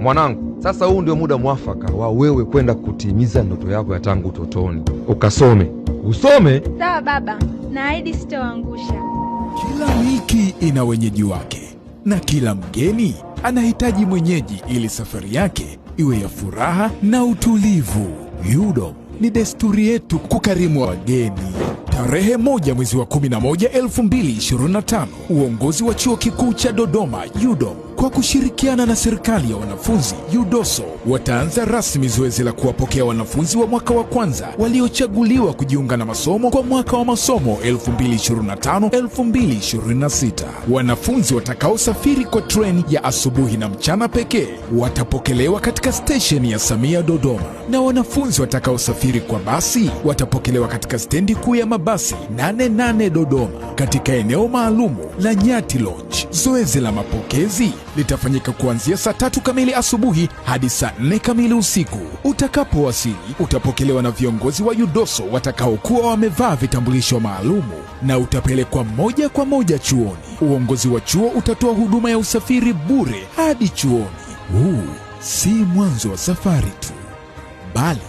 Mwanangu, sasa huu ndio muda mwafaka wa wewe kwenda kutimiza ndoto yako ya tangu utotoni, ukasome usome. Sawa baba, naahidi sitoangusha. Kila wiki ina wenyeji wake na kila mgeni anahitaji mwenyeji ili safari yake iwe ya furaha na utulivu. UDOM ni desturi yetu kukarimu wageni. Tarehe moja mwezi wa 11 2025, uongozi wa Chuo Kikuu cha Dodoma YUDOM kwa kushirikiana na serikali ya wanafunzi UDOSO wataanza rasmi zoezi la kuwapokea wanafunzi wa mwaka wa kwanza waliochaguliwa kujiunga na masomo kwa mwaka wa masomo 2025-2026. Wanafunzi watakaosafiri kwa treni ya asubuhi na mchana pekee watapokelewa katika stesheni ya Samia Dodoma, na wanafunzi watakaosafiri kwa basi watapokelewa katika stendi kuu ya mabasi 88 Dodoma katika eneo maalumu la Nyati Lodge. Zoezi la mapokezi litafanyika kuanzia saa tatu kamili asubuhi hadi saa nne kamili usiku. Utakapowasili utapokelewa na viongozi wa UDOSO watakaokuwa wamevaa vitambulisho maalumu na utapelekwa moja kwa moja chuoni. Uongozi wa chuo utatoa huduma ya usafiri bure hadi chuoni. Huu si mwanzo wa safari tu, bali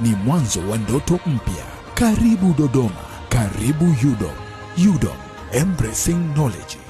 ni mwanzo wa ndoto mpya. Karibu Dodoma, karibu UDOM. UDOM, embracing knowledge.